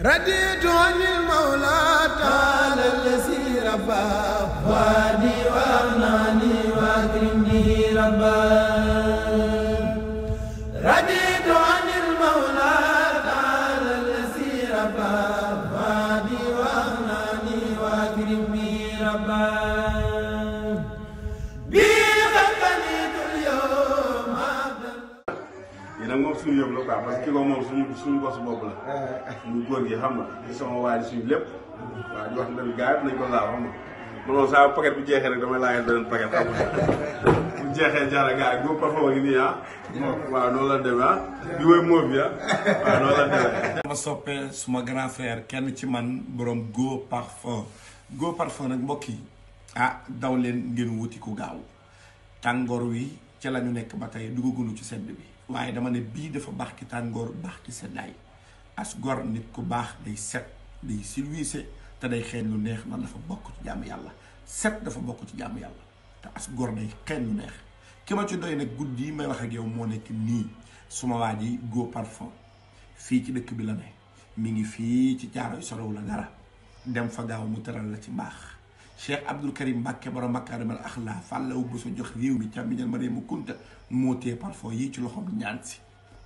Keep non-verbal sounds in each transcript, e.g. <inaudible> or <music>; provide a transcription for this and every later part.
رضيت عن المولى تعالى الذي ربى وادي وأغناني وأكرم به ربى رضيت عن المولى تعالى الذي ربى suñu yëpp la quoi parce que kii ko moom suñu suñu bos bopp la. Eh. ñu góor gi xam nga di sama waay suñu lépp. Mm-hmm. waaw di wax ne tamit gars yi nañ ko laaw xam nga. non saa paquet bu jeexee rek damay laajal beneen paquet xam nga <laughs> bu jeexee jaara gars yi góob parfum gi nii ah. waaw noonu la demee ah. di woy moof bi ah waaw noonu la demee. sama soppe suma grand frère kenn ci man borom Go Parfum Go Parfum nag mbokk yi ah daw leen ngeen wuti ku gaaw tàngoor wi ca la ñu nekk ba tey dugagunu ci sedd bi. waaye dama ne bii dafa baax ki tàngoor baax ki seddaay as gor nit ku baax day set day silwiise te day xeeñ lu neex na dafa bokk ci jàmm yàlla set dafa bokk ci jàmm yàlla te as gor day xeeñ lu neex ki ma ci doy nag guddi yi may wax ak yow moo nekk nii suma waa yi góo parfum fii ci dëkk bi la ne mi ngi fii ci caaro yu sorow la dara dem fa gaaw mu tëral la ci mbaax Cheikh Abdoul Karim Mbacke borom makaarimal axlaa fàllawu bu sa jox bi mi càmmiñal ma réew mu kunta moo tee parfum yi ci loxoom ñaan si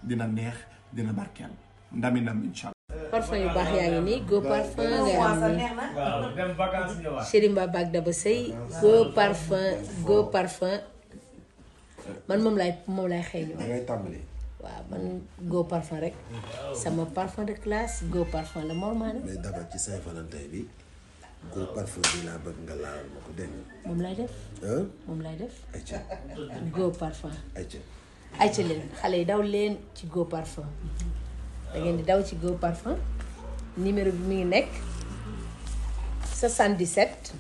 dina neex dina barkeel ndami nam parfum yu baax yaa ngi nii go parfum ngay am nii Serigne Ba Bag Daba Sey go parfum go parfum man moom laay moom laay xeeñoo. da ngay man go parfum rek sama parfum de classe go parfum la mormaane. gros parfum bi laa bëgg nga laal ma ko dégg moom lay def. moom lay def. ayca gros leen xale yi daw leen ci gros parfum. da di daw ci gros parfum. numéro bi mi ngi nekk 77.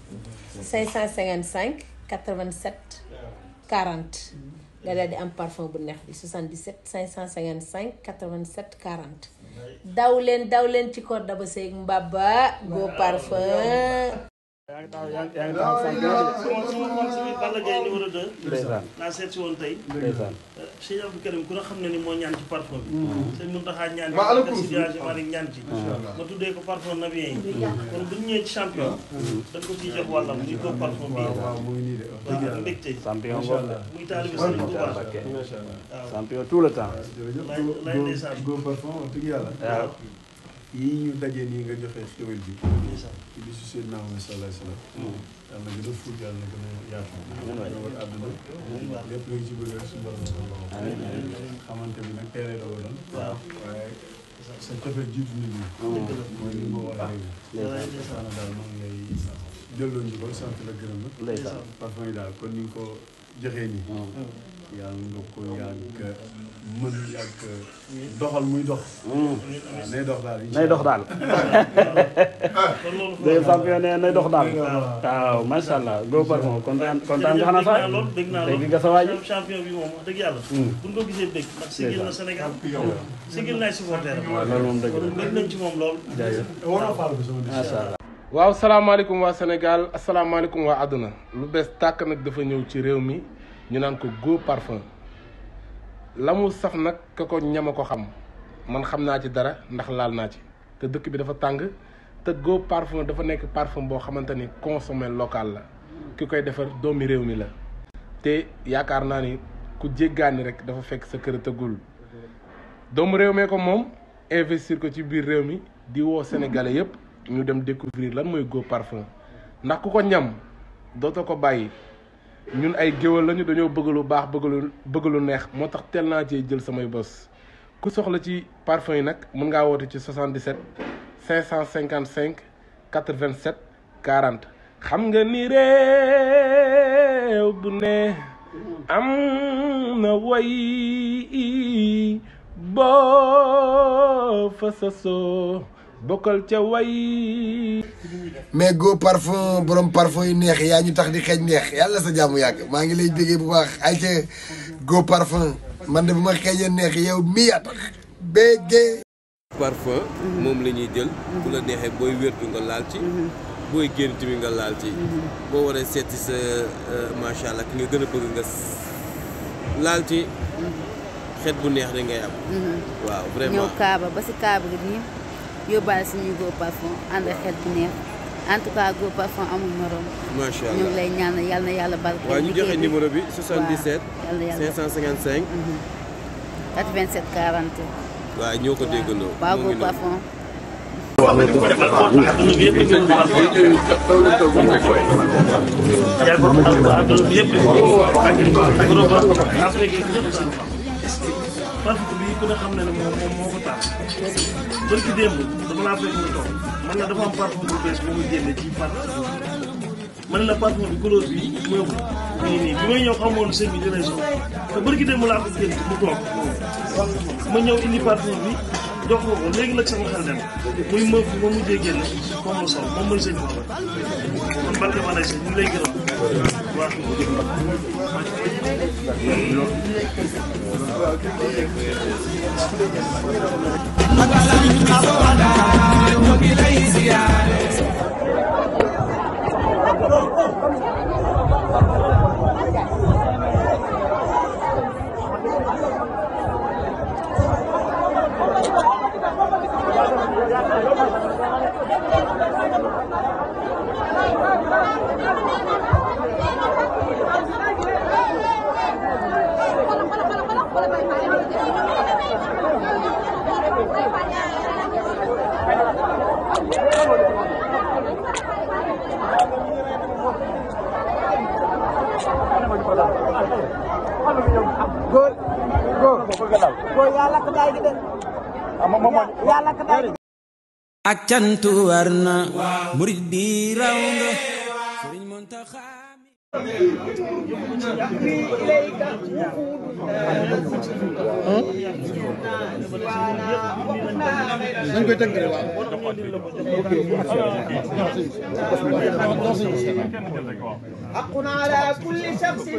555 87 40. nga daal di am parfum bu neex bi 77 555 87 40. daw leen daw leen ci Korda ba seeg Mbaba Go Parfum yaa ngi taw yaa ngi taw sànq. sama sama xol si Balla Gaye numéro 2. ndeysaan laa seet si woon tey. ndeysaan. sëñ Abdou Karim ku ne xam ne ni moo ñaan ci parfum bi. sëñ Mountakha ñaan ci. ma ala kursi ñaan ci. ma tuddee ko parfum nabien yi. kon bu ñu ñëwee ci champion. dañ ko ciy jox wàllam muy ko parfum bi. waaw muy nii de waaw mbégte. champion boobu la muy taalibe Sëriñ Tuubaa. waaw champion tout le temps. lay lay ndeysaan góor parfum wax dëgg yàlla. yii ñu dajee nii nga joxe xéwal bi ci bisu seen naam sallallahu alayhi wasallam na gën a ful yàlla na a la woon waaye sa daal moom ngay delloo ñu ko sant la gërëm la parfum yi daal kon ni ko joxeeni yàlla nga ko yàgg muy dox hmm. <laughs> nay dox daal nay dox daal dégg champion ne dox daal waaw go par moom kontaan kontaan nga xanaa sax loolu dégg naa loolu dégg ko gisee dégg ndax sigil na Sénégal sigil naay supporter waaw loolu moom dëgg la waaw salaamaaleykum waa Sénégal asalaamaaleykum waa àdduna lu bees tàkk nag dafa ñëw ci réew mi ñu naan ko Go Parfum la mu saf nag ka ko ñam a ko xam man xam naa ci dara ndax laal naa ci te dëkk bi dafa tàng te Go Parfum dafa nekk parfum boo xamante ni consommé local la ki koy defar doomi réew mi la te yaakaar naa ni ku jéggaani rek dafa fekk sa kër tëggul doomu réew mee ko moom investir ko ci biir réew mi di woo sénégalais yépp ñu dem découvrir lan mooy Go Parfum ndax ku ko ñam dootoo ko bàyyi ñun ay géwal lañu dañoo bëgg lu baax bëgg lu bëgg lu neex moo tax teel naa cee jël samay bës ku soxla ci parfum yi nag mun ngaa woote ci 77 555 87 40 xam nga ni réew bu ne am na way boo fa sasoo bokkal ca way mais go parfum borom parfum yu neex yaa ñu tax di xeej neex yàlla sa jàmm yàgg maa ngi lay déggee bu baax ay ca go parfum man de bu ma xeeñee neex yow mi yaa tax béggee parfum moom la ñuy jël bu la neexee booy wértu nga laal ci booy génn tamit nga laal ci boo waree seeti sa euh, macha allah ki nga gën a bëgg nga laal ci xet bu neex da ngay am mm-hmm. waaw kaaba ba si kaaba gi nii yóbbaale suñuy Go Parfum ànd ak xet bu neex en tout cas Go Parfum amul morom. macha lay ñaanal yal na yàlla barke. waaw ñu joxe numéro bi 77. waaw yal na yàlla 555. 87 40. waaw ñoo ko déggandoo. waaw Go Parfum. parce que bii ku ne xam na bëri ci démb dama laa fekk muy toog man na dafa am parfum bu bees bu muy génne ci parfum man la parfum bi couleur bi ñëw nii nii bi may ñëw xamoon seen bi dina so te bëri ci démb laa ko génn mu toog ma ñëw indi parfum bi jox ko ko léegi nag sama xel dem muy mëf ma mujjee génn moom la sol moom mooy seen bi kon barke ma lay seen ñu lay Thank you. góor góor góor yàlla ko daay gi de ah, yàlla ko daay gi ak cantu war na murid bi raw nga sëriñ Muntaxa hmm? dañ koy tënk حق على كل شخص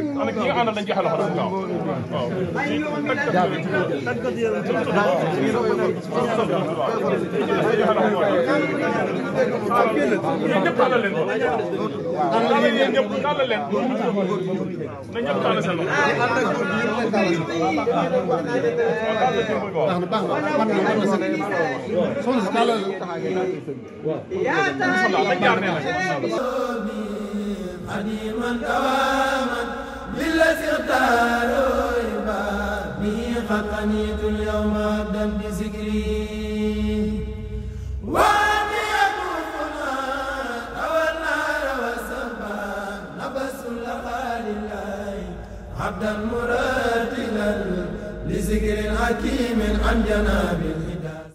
Soxna si tàllal قديما دواما بالذي اختاروا عباد به قد قنيت اليوم عبدا بذكري